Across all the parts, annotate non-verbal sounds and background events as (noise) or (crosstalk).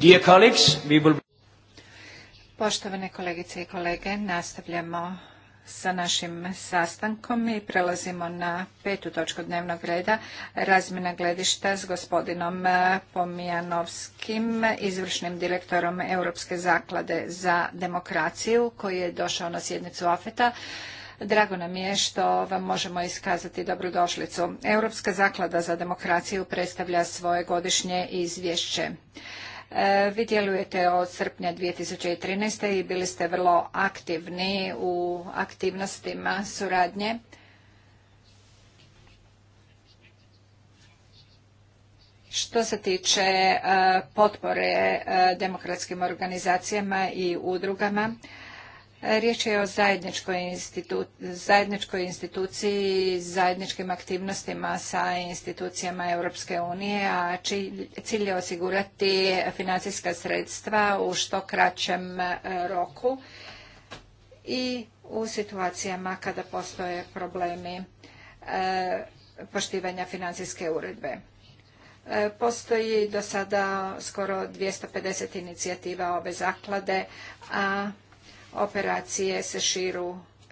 Dear colleagues, we will... Poštovane kolegice i kolege, nastavljamo sa našim sastankom i prelazimo na petu točku dnevnog reda, razmjena gledišta s gospodinom eh, Pomijanovskim, izvršnim direktorom Europske zaklade za demokraciju, koji je došao na sjednicu AFETA. Drago nam je što vam možemo iskazati dobrodošlicu. Europska zaklada za demokraciju predstavlja svoje godišnje izvješće. E, vi djelujete od srpnja 2013. i bili ste vrlo aktivni u aktivnostima suradnje. Što se tiče e, potpore e, demokratskim organizacijama i udrugama, Riječ je o zajedničkoj, instituciji, zajedničkim aktivnostima sa institucijama Europske unije, a cilj je osigurati financijska sredstva u što kraćem e, roku i u situacijama kada postoje problemi e, poštivanja financijske uredbe. E, postoji do sada skoro 250 inicijativa ove zaklade, a operacije se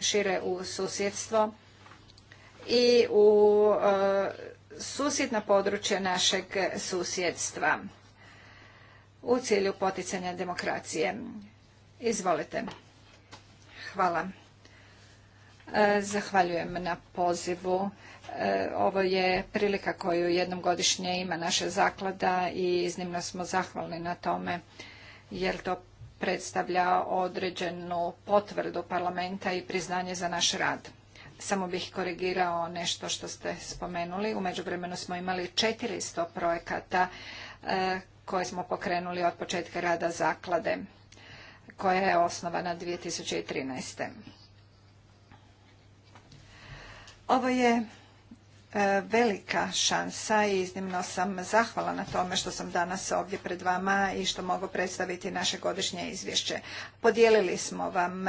šire u susjedstvo i u e, susjedna područja našeg susjedstva u cilju poticanja demokracije. Izvolite. Hvala. E, zahvaljujem na pozivu. E, ovo je prilika koju jednom godišnje ima naša zaklada i iznimno smo zahvalni na tome jer to predstavlja određenu potvrdu parlamenta i priznanje za naš rad. Samo bih korigirao nešto što ste spomenuli. U međuvremenu smo imali 400 projekata e, koje smo pokrenuli od početka rada zaklade koja je osnovana 2013. Ovo je E, velika šansa i iznimno sam zahvala na tome što sam danas ovdje pred vama i što mogu predstaviti naše godišnje izvješće. Podijelili smo vam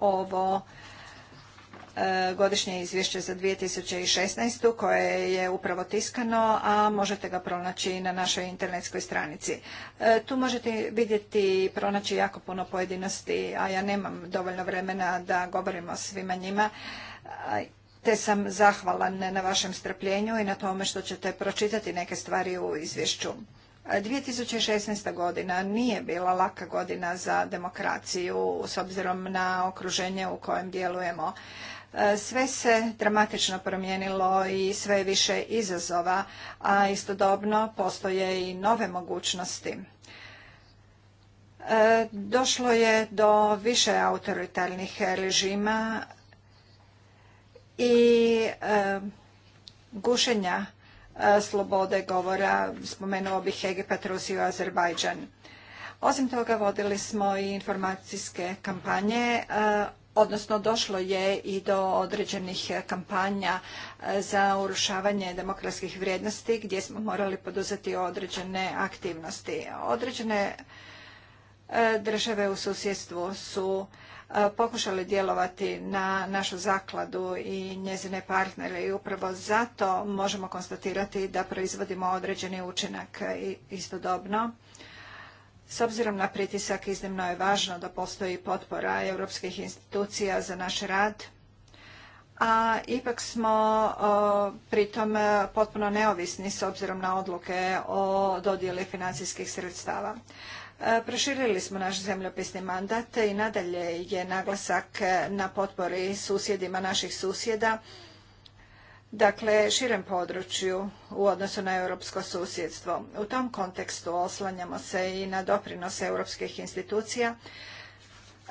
ovo e, godišnje izvješće za 2016. koje je upravo tiskano, a možete ga pronaći na našoj internetskoj stranici. E, tu možete vidjeti i pronaći jako puno pojedinosti, a ja nemam dovoljno vremena da govorim o svima njima te sam zahvalan na vašem strpljenju i na tome što ćete pročitati neke stvari u izvješću. 2016. godina nije bila laka godina za demokraciju s obzirom na okruženje u kojem djelujemo. Sve se dramatično promijenilo i sve više izazova, a istodobno postoje i nove mogućnosti. Došlo je do više autoritarnih režima i e, gušenja e, slobode govora, spomenuo bih Egipat, Rusiju, Azerbajdžan. Osim toga vodili smo i informacijske kampanje, e, odnosno došlo je i do određenih kampanja za urušavanje demokratskih vrijednosti gdje smo morali poduzeti određene aktivnosti. Određene države u susjedstvu su E, pokušali djelovati na našu zakladu i njezine partnere i upravo zato možemo konstatirati da proizvodimo određeni učinak istodobno. S obzirom na pritisak iznimno je važno da postoji potpora europskih institucija za naš rad, a ipak smo pritom potpuno neovisni s obzirom na odluke o dodjeli financijskih sredstava. E, proširili smo naš zemljopisni mandat i nadalje je naglasak na potpori susjedima naših susjeda, dakle širem području u odnosu na europsko susjedstvo. U tom kontekstu oslanjamo se i na doprinos europskih institucija.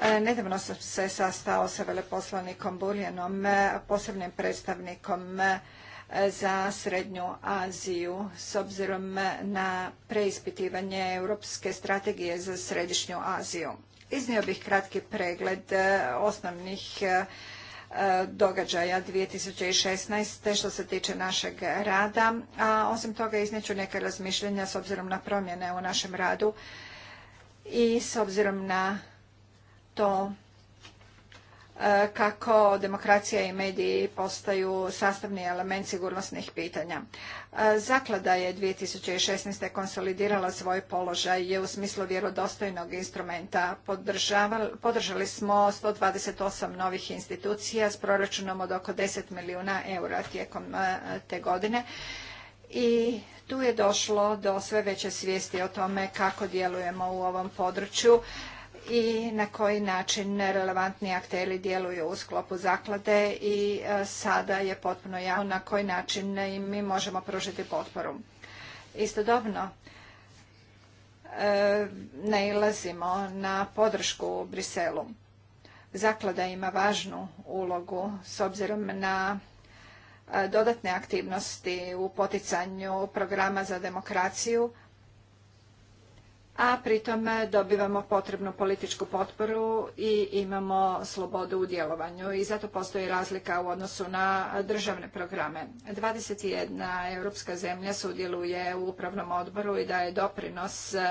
E, nedavno sam se sastao sa veleposlanikom Burjenom, e, posebnim predstavnikom za Srednju Aziju s obzirom na preispitivanje Europske strategije za Središnju Aziju. Iznio bih kratki pregled e, osnovnih e, događaja 2016. što se tiče našeg rada, a osim toga izneću neka razmišljenja s obzirom na promjene u našem radu i s obzirom na to E, kako demokracija i mediji postaju sastavni element sigurnosnih pitanja. E, zaklada je 2016. konsolidirala svoj položaj je u smislu vjerodostojnog instrumenta. podržali smo 128 novih institucija s proračunom od oko 10 milijuna eura tijekom e, te godine i tu je došlo do sve veće svijesti o tome kako djelujemo u ovom području i na koji način relevantni akteri djeluju u sklopu zaklade i e, sada je potpuno jasno na koji način im mi možemo pružiti potporu. Istodobno, e, nailazimo na podršku u Briselu. Zaklada ima važnu ulogu s obzirom na e, dodatne aktivnosti u poticanju programa za demokraciju a pritom e, dobivamo potrebnu političku potporu i imamo slobodu u djelovanju i zato postoji razlika u odnosu na državne programe. 21 europska zemlja sudjeluje u upravnom odboru i daje doprinos e,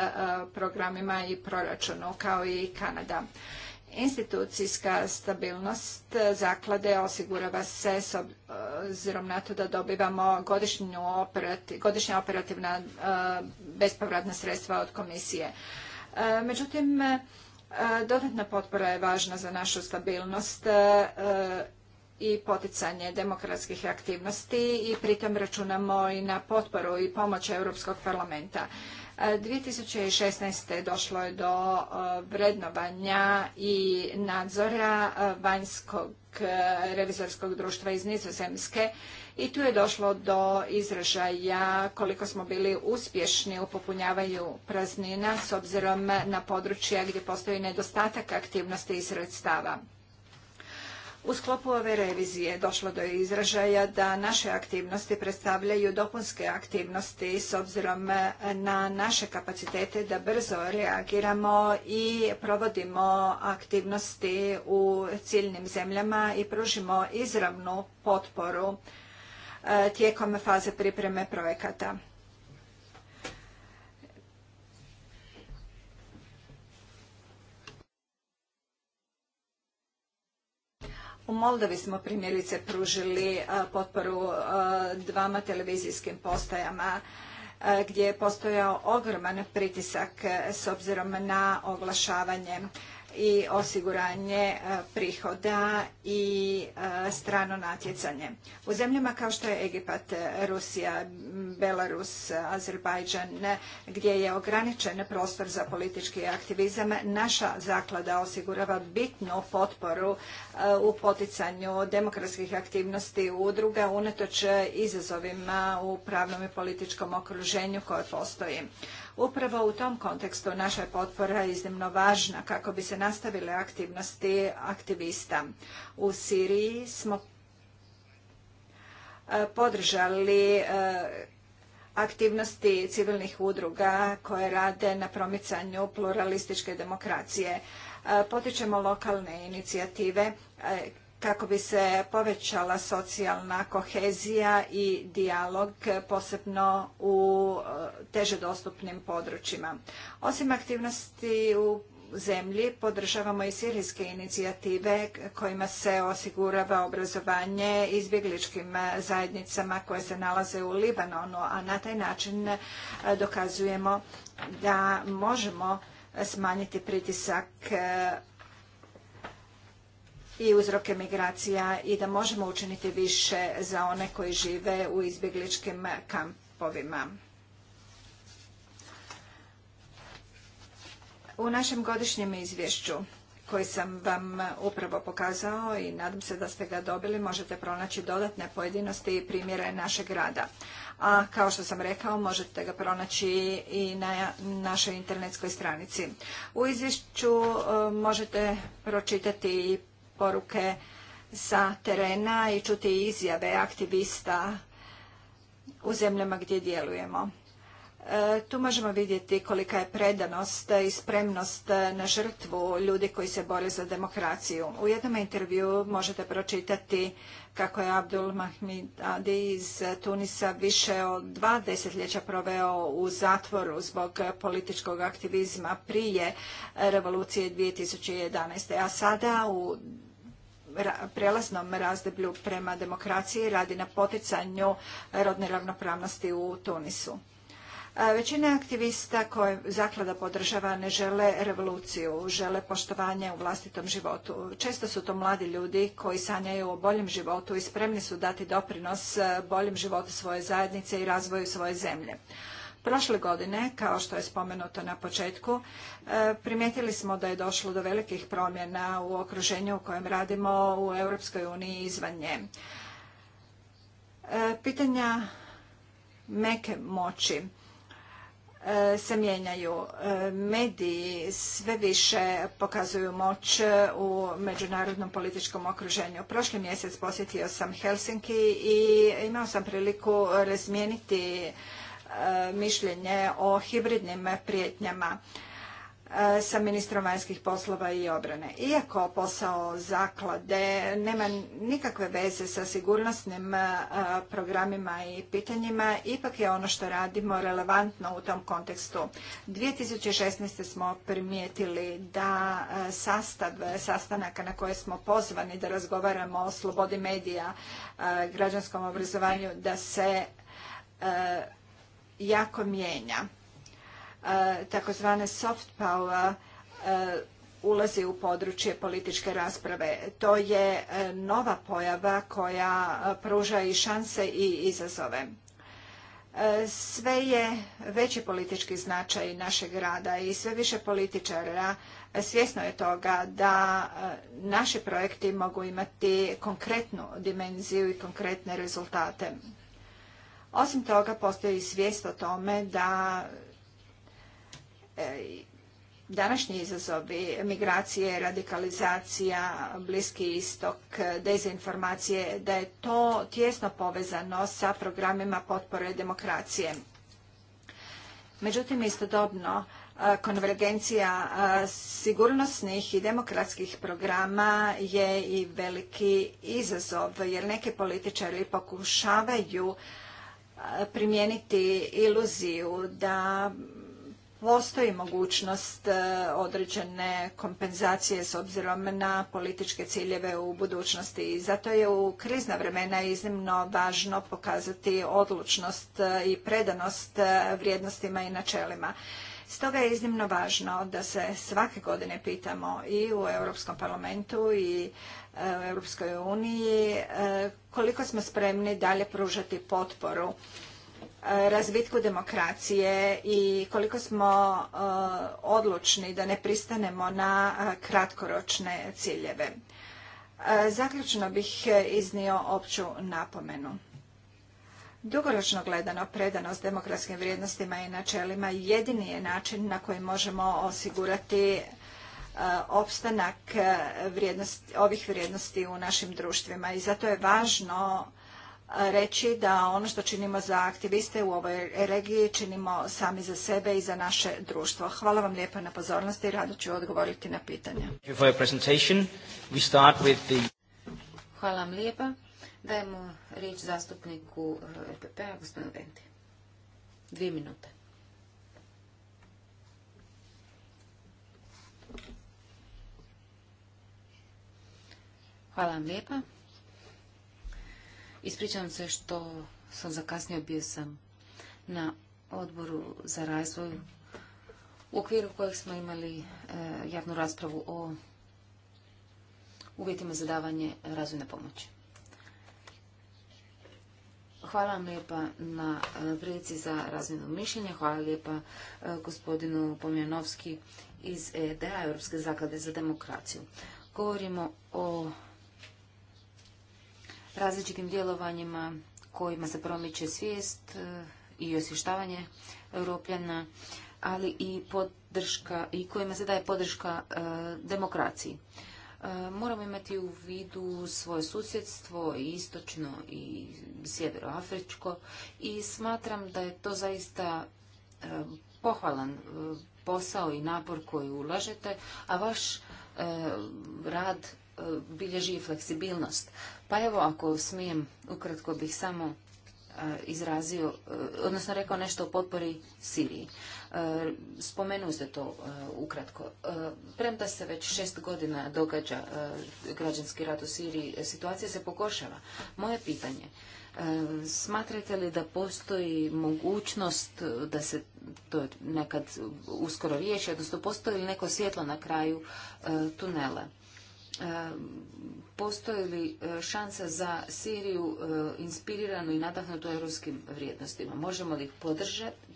programima i proračunu kao i Kanada. Institucijska stabilnost zaklade osigurava se s obzirom na to da dobivamo godišnja operativna e, bespovratna sredstva od komisije. E, međutim, e, dodatna potpora je važna za našu stabilnost i poticanje demokratskih aktivnosti i pritom računamo i na potporu i pomoć Europskog parlamenta. 2016. E, došlo je do e, vrednovanja i nadzora e, vanjskog revizorskog društva iz Nizozemske i tu je došlo do izražaja koliko smo bili uspješni u popunjavanju praznina s obzirom na područja gdje postoji nedostatak aktivnosti i sredstava. U sklopu ove revizije došlo do izražaja da naše aktivnosti predstavljaju dopunske aktivnosti s obzirom na naše kapacitete da brzo reagiramo i provodimo aktivnosti u ciljnim zemljama i pružimo izravnu potporu e, tijekom faze pripreme projekata. Moldovi smo primjerice pružili e, potporu e, dvama televizijskim postajama e, gdje je postojao ogroman pritisak s obzirom na oglašavanje i osiguranje e, prihoda i e, strano natjecanje. U zemljama kao što je Egipat, e, Rusija, Belarus, Azerbajdžan, gdje je ograničen prostor za politički aktivizam, naša zaklada osigurava bitnu potporu u poticanju demokratskih aktivnosti udruga unatoč izazovima u pravnom i političkom okruženju koje postoji. Upravo u tom kontekstu naša je potpora iznimno važna kako bi se nastavile aktivnosti aktivista. U Siriji smo e, podržali e, aktivnosti civilnih udruga koje rade na promicanju pluralističke demokracije. E, potičemo lokalne inicijative kako bi se povećala socijalna kohezija i dijalog posebno u e, teže dostupnim područjima. Osim aktivnosti u zemlji podržavamo i sirijske inicijative kojima se osigurava obrazovanje izbjegličkim e, zajednicama koje se nalaze u Libanonu, a na taj način e, dokazujemo da možemo smanjiti pritisak i uzroke migracija i da možemo učiniti više za one koji žive u izbjegličkim kampovima. U našem godišnjem izvješću koji sam vam upravo pokazao i nadam se da ste ga dobili, možete pronaći dodatne pojedinosti i primjere našeg rada. A kao što sam rekao, možete ga pronaći i na našoj internetskoj stranici. U izvješću e, možete pročitati i poruke sa terena i čuti izjave aktivista u zemljama gdje djelujemo. E, tu možemo vidjeti kolika je predanost i spremnost na žrtvu ljudi koji se bore za demokraciju. U jednom intervju možete pročitati kako je Abdul Mahmid Adi iz Tunisa više od dva desetljeća proveo u zatvoru zbog političkog aktivizma prije revolucije 2011. A sada u prelaznom razdoblju prema demokraciji radi na poticanju rodne ravnopravnosti u Tunisu. Većina aktivista koje zaklada podržava ne žele revoluciju, žele poštovanje u vlastitom životu. Često su to mladi ljudi koji sanjaju o boljem životu i spremni su dati doprinos e, boljem životu svoje zajednice i razvoju svoje zemlje. Prošle godine, kao što je spomenuto na početku, e, primijetili smo da je došlo do velikih promjena u okruženju u kojem radimo u Europskoj uniji i izvan nje. E, pitanja meke moći E, se mijenjaju. E, mediji sve više pokazuju moć u međunarodnom političkom okruženju. Prošli mjesec posjetio sam Helsinki i imao sam priliku razmijeniti e, mišljenje o hibridnim prijetnjama. E, sa ministrom vanjskih poslova i obrane. Iako posao zaklade nema nikakve veze sa sigurnosnim e, programima i pitanjima, ipak je ono što radimo relevantno u tom kontekstu. 2016. smo primijetili da e, sastav sastanaka na koje smo pozvani da razgovaramo o slobodi medija, građanskom obrazovanju, da se jako mijenja takozvane soft power eh, ulazi u područje političke rasprave. To je eh, nova pojava koja eh, pruža i šanse i izazove. Sve je veći politički značaj našeg rada i sve više političara svjesno je toga da naši projekti mogu imati konkretnu dimenziju i konkretne rezultate. Osim toga, postoji svijest o tome da E, današnji izazovi migracije, radikalizacija, bliski istok, dezinformacije, da je to tjesno povezano sa programima potpore demokracije. Međutim, istodobno, e, konvergencija e, sigurnosnih i demokratskih programa je i veliki izazov, jer neki političari pokušavaju primijeniti iluziju da postoji mogućnost e, određene kompenzacije s obzirom na političke ciljeve u budućnosti i zato je u krizna vremena iznimno važno pokazati odlučnost e, i predanost e, vrijednostima i načelima. Stoga je iznimno važno da se svake godine pitamo i u Europskom parlamentu i u Europskoj uniji koliko smo spremni dalje pružati potporu razvitku demokracije i koliko smo eh, odlučni da ne pristanemo na eh, kratkoročne ciljeve. Eh, zaključno bih iznio opću napomenu. Dugoročno gledano predanost demokratskim vrijednostima i načelima jedini je način na koji možemo osigurati opstanak ovih vrijednosti u našim društvima i zato je važno reći da ono što činimo za aktiviste u ovoj regiji činimo sami za sebe i za naše društvo. Hvala vam lijepa na pozornosti i rado ću odgovoriti na pitanja. Hvala vam lijepa. Dajemo riječ zastupniku EPP-a, eh, gospodinu Venti. Dvije minute. Hvala vam lijepa. Ispričavam se što sam zakasnio, bio sam na odboru za razvoj u okviru kojeg smo imali e, javnu raspravu o uvjetima za davanje razvojne pomoći. Hvala vam lijepa na e, prilici za razvojno mišljenje. Hvala lijepa e, gospodinu Pomjanovski iz EDA, Europske zaklade za demokraciju. Govorimo o različitim djelovanjima kojima se promiče svijest e, i osvještavanje europljana, ali i podrška i kojima se daje podrška e, demokraciji. E, moramo imati u vidu svoje susjedstvo, istočno i sjeveroafričko i smatram da je to zaista pohvalan posao i napor koji ulažete, a vaš rad E, bilježi fleksibilnost. Pa evo, ako smijem, ukratko bih samo e, izrazio, e, odnosno rekao nešto o potpori Siriji. Spomenuli se to ukratko. Premda se već šest godina događa građanski rat u Siriji, situacija se pokošava. Moje pitanje, smatrate li da postoji mogućnost da se to nekad uskoro riješi, odnosno postoji li neko svjetlo na kraju tunela? postoji li e, šansa za Siriju e, inspiriranu i nadahnutu europskim vrijednostima? Možemo li ih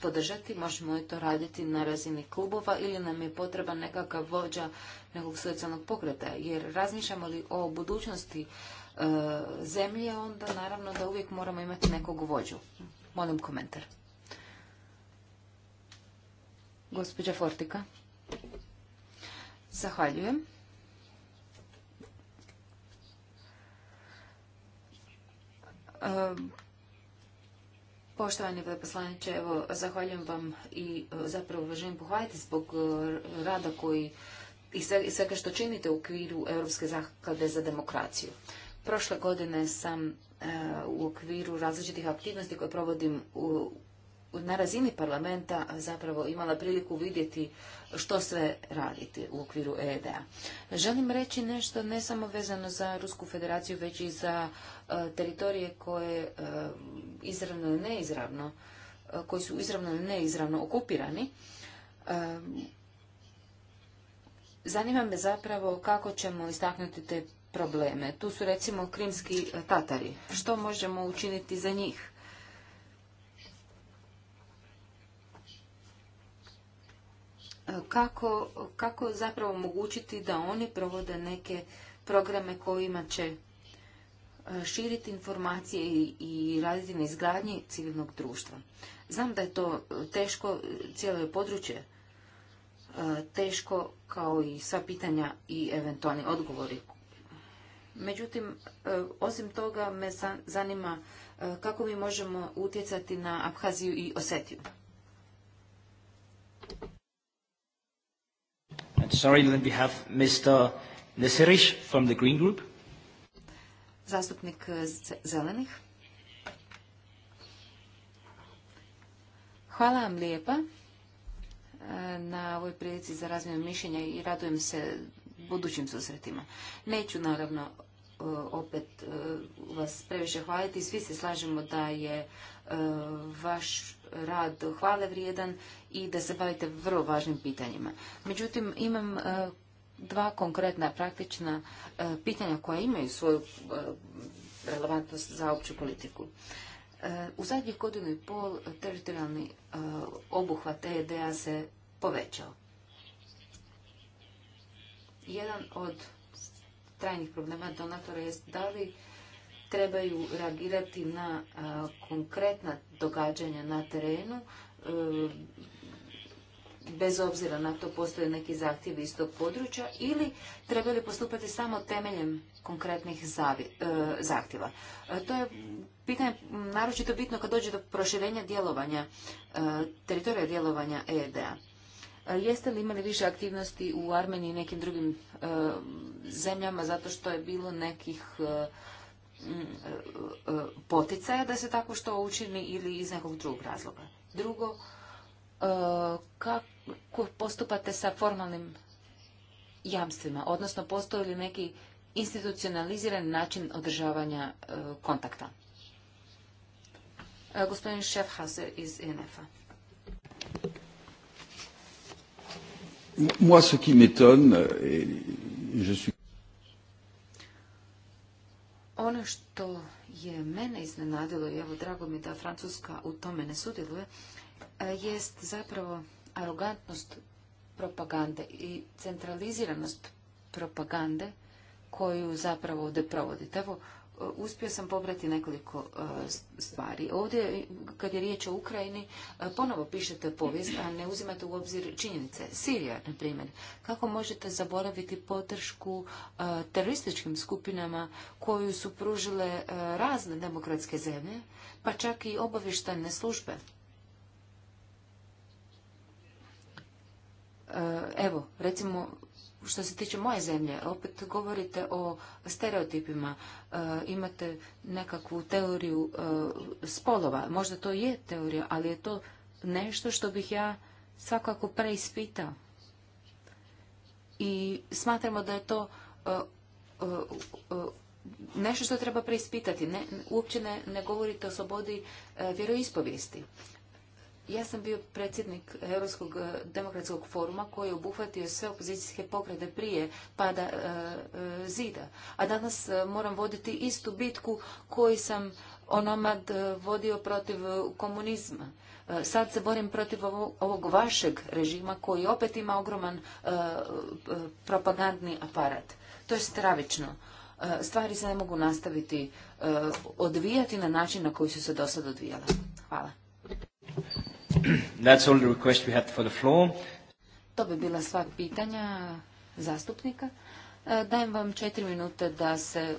podržati, možemo li to raditi na razini klubova ili nam je potreba nekakav vođa nekog socijalnog pokreta? Jer razmišljamo li o budućnosti e, zemlje, onda naravno da uvijek moramo imati nekog vođu. Molim komentar. Gospođa Fortika. Zahvaljujem. Poštovani veleposlaniče, evo, zahvaljujem vam i e, zapravo želim pohvaliti zbog e, rada koji i svega što činite u okviru Europske zaklade za demokraciju. Prošle godine sam e, u okviru različitih aktivnosti koje provodim u, na razini parlamenta zapravo imala priliku vidjeti što sve raditi u okviru EDA. Želim reći nešto ne samo vezano za Rusku federaciju, već i za e, teritorije koje e, izravno ili neizravno, e, koji su izravno ili neizravno okupirani. Zanima me zapravo kako ćemo istaknuti te probleme. Tu su recimo krimski tatari. Što možemo učiniti za njih? kako, kako zapravo omogućiti da oni provode neke programe kojima će e, širiti informacije i, i raditi na izgradnji civilnog društva. Znam da je to e, teško, e, cijelo je područje teško kao i sva pitanja i eventualni odgovori. Međutim, osim toga me zanima kako mi možemo utjecati na Abhaziju i Osetiju sorry, Zastupnik eh, zelenih. Hvala vam lijepa eh, na ovoj prilici za razmjenu mišljenja i radujem se budućim susretima. Neću naravno eh, opet vas previše hvaliti. Svi se slažemo da je vaš rad hvale vrijedan i da se bavite vrlo važnim pitanjima. Međutim, imam e, dva konkretna praktična e, pitanja koja imaju svoju e, relevantnost za opću politiku. U zadnjih godinu i pol teritorijalni obuhvat EDA se povećao. Jedan od trajnih problema donatora je da li trebaju reagirati na konkretna događanja na terenu, e, bez obzira na to postoje neki zahtjevi iz tog područja ili li postupati samo temeljem konkretnih e, zahtjeva. E, to je pitanje naročito bitno kad dođe do proširenja djelovanja, teritorija djelovanja eed Jeste li imali više aktivnosti u Armeniji i nekim drugim zemljama zato što je bilo nekih poticaja da se tako što učini ili iz nekog drugog razloga. Drugo, e, kako postupate sa formalnim jamstvima, odnosno postoji li neki institucionaliziran način održavanja e, kontakta? E, gospodin Šefhase iz INF-a. Moi, ce qui m'étonne, et je što je mene iznenadilo, i evo drago mi da Francuska u tome ne sudjeluje, e, jest zapravo arogantnost propagande i centraliziranost propagande koju zapravo ovdje provodite. Evo, uspio sam pobrati nekoliko e, stvari. Ovdje, kad je riječ o Ukrajini, e, ponovo pišete povijest, a ne uzimate u obzir činjenice. Sirija, na primjer. Kako možete zaboraviti podršku e, terorističkim skupinama koju su pružile razne demokratske zemlje, pa čak i obavještajne službe? Evo, recimo, što se tiče moje zemlje, opet govorite o stereotipima, e, imate nekakvu teoriju e, spolova, možda to je teorija, ali je to nešto što bih ja svakako preispitao. I smatramo da je to e, nešto što treba preispitati. Ne, uopće ne, ne govorite o slobodi vjeroispovijesti. Ja sam bio predsjednik Europskog eh, demokratskog foruma koji je obuhvatio sve opozicijske pokrede prije pada eh, eh, zida. A danas moram voditi istu bitku koju sam onomad vodio protiv komunizma. sad se borim protiv ovog, vašeg režima koji opet ima ogroman propagandni aparat. To je stravično stvari se ne mogu nastaviti odvijati na način na koji su se do sada odvijale. Hvala. (clears throat) That's To bi bila sva pitanja zastupnika. E, dajem vam četiri minute da se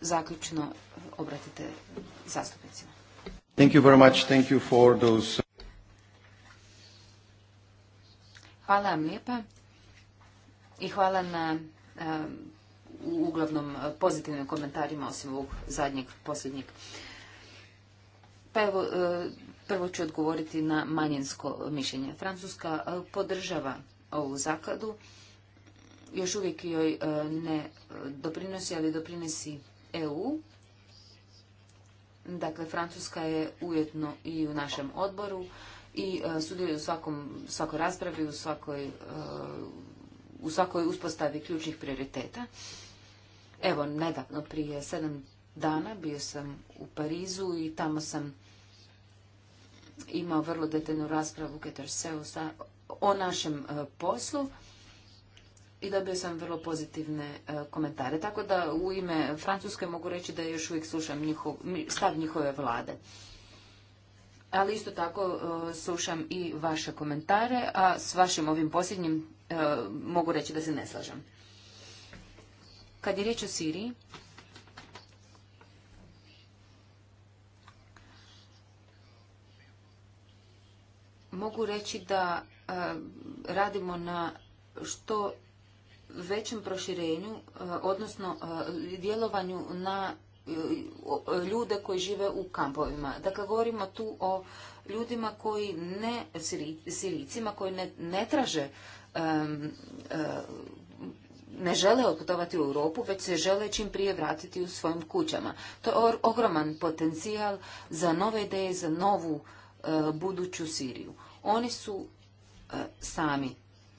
zaključno obratite zastupnicima. Uh, hvala vam lijepa i hvala na e, uglavnom pozitivnim komentarima osim ovog zadnjeg, posljednjeg. Pa evo, e, Prvo ću odgovoriti na manjinsko mišljenje. Francuska e, podržava ovu zakladu. Još uvijek joj e, ne doprinosi, ali doprinosi EU. Dakle, Francuska je ujetno i u našem odboru i e, sudjeluje u svakom, svakoj raspravi, u svakoj, u svakoj uspostavi ključnih prioriteta. Evo, nedavno prije sedam dana bio sam u Parizu i tamo sam imao vrlo detaljnu raspravu Keterseu o našem e, poslu i dobio sam vrlo pozitivne e, komentare. Tako da u ime Francuske mogu reći da još uvijek slušam stav njihove vlade. Ali isto tako e, slušam i vaše komentare, a s vašim ovim posljednjim mogu reći da se ne slažem. Kad je riječ o Siriji, mogu reći da e, radimo na što većem proširenju, e, odnosno e, djelovanju na ljude koji žive u kampovima. Dakle, govorimo tu o ljudima koji ne, siricima, koji ne, ne traže, ne žele otputovati u Europu, već se žele čim prije vratiti u svojim kućama. To je ogroman potencijal za nove ideje, za novu buduću Siriju. Oni su e, sami.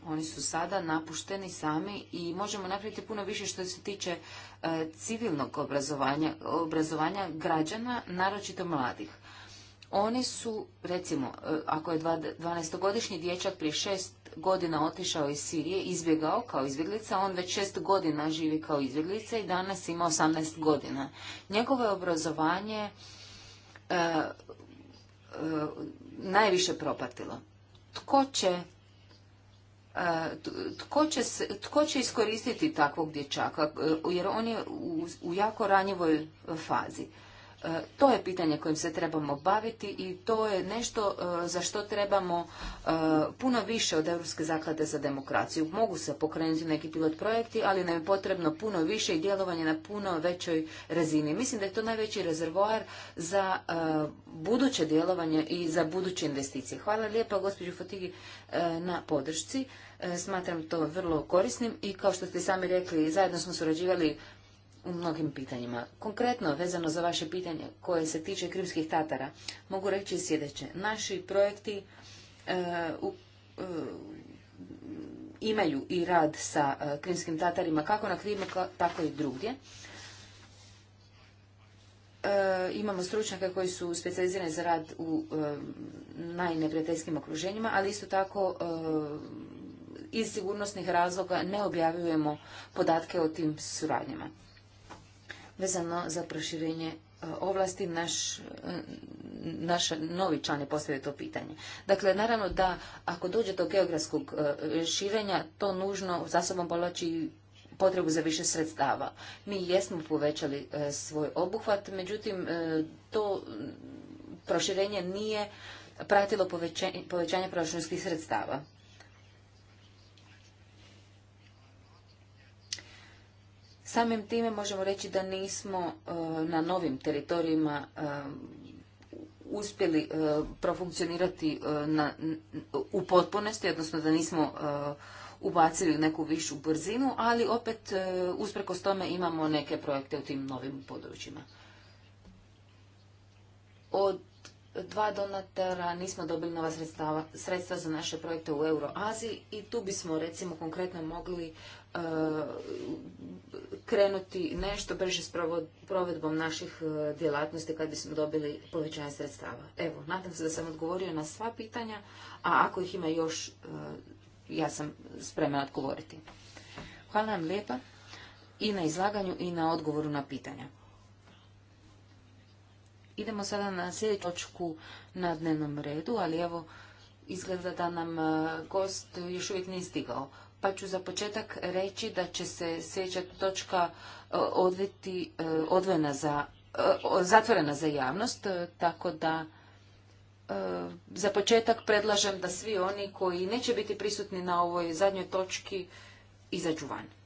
Oni su sada napušteni sami i možemo napraviti puno više što se tiče e, civilnog obrazovanja, obrazovanja građana, naročito mladih. Oni su, recimo, e, ako je 12-godišnji dječak prije šest godina otišao iz Sirije, izbjegao kao izbjeglica, on već šest godina živi kao izbjeglica i danas ima 18 godina. Njegovo obrazovanje najviše propatilo? Tko će e, tko će, tko će iskoristiti takvog dječaka, jer on je u, u jako ranjivoj fazi. E, to je pitanje kojim se trebamo baviti i to je nešto e, za što trebamo e, puno više od Europske zaklade za demokraciju. Mogu se pokrenuti neki pilot projekti, ali nam je potrebno puno više i djelovanje na puno većoj razini. Mislim da je to najveći rezervoar za buduće djelovanje i za buduće investicije. Hvala lijepa gospođu Fotigi na podršci. Smatram to vrlo korisnim i kao što ste sami rekli, zajedno smo surađivali u mnogim pitanjima. Konkretno, vezano za vaše pitanje koje se tiče krimskih tatara, mogu reći sljedeće. Naši projekti e, e, imaju i rad sa e, krimskim tatarima, kako na Krimu, tako i drugdje. Imamo stručnjake koji su specijalizirani za rad u najneprijateljskim okruženjima, ali isto tako iz sigurnosnih razloga ne objavljujemo podatke o tim suradnjama. Vezano za proširenje e, ovlasti, naš, e, naš novi član je postavio to pitanje. Dakle, naravno da ako dođe do geografskog e, širenja, to nužno za sobom polači potrebu za više sredstava. Mi jesmo povećali svoj obuhvat, međutim, to proširenje nije pratilo povećanje proračunskih sredstava. Samim time možemo reći da nismo e, na novim teritorijima e, uspjeli e, profunkcionirati u potpunosti, odnosno da nismo ubacili neku višu brzinu, ali opet usprkos tome imamo neke projekte u tim novim područjima. Od dva donatora nismo dobili nova sredstva za naše projekte u Euroaziji i tu bismo recimo konkretno mogli e, krenuti nešto brže s provedbom naših e, djelatnosti kad bismo dobili povećanje sredstava. Evo, nadam se da sam odgovorio na sva pitanja, a ako ih ima još, e, ja sam spremna odgovoriti. Hvala vam lijepa i na izlaganju i na odgovoru na pitanja. Idemo sada na sljedeću točku na dnevnom redu, ali evo, izgleda da nam e, gost još uvijek nije stigao. Pa ću za početak reći da će se sljedeća točka e, odviti, e, odvojena za, zatvorena za javnost, tako da za početak predlažem da svi oni koji neće biti prisutni na ovoj zadnjoj točki izađu van.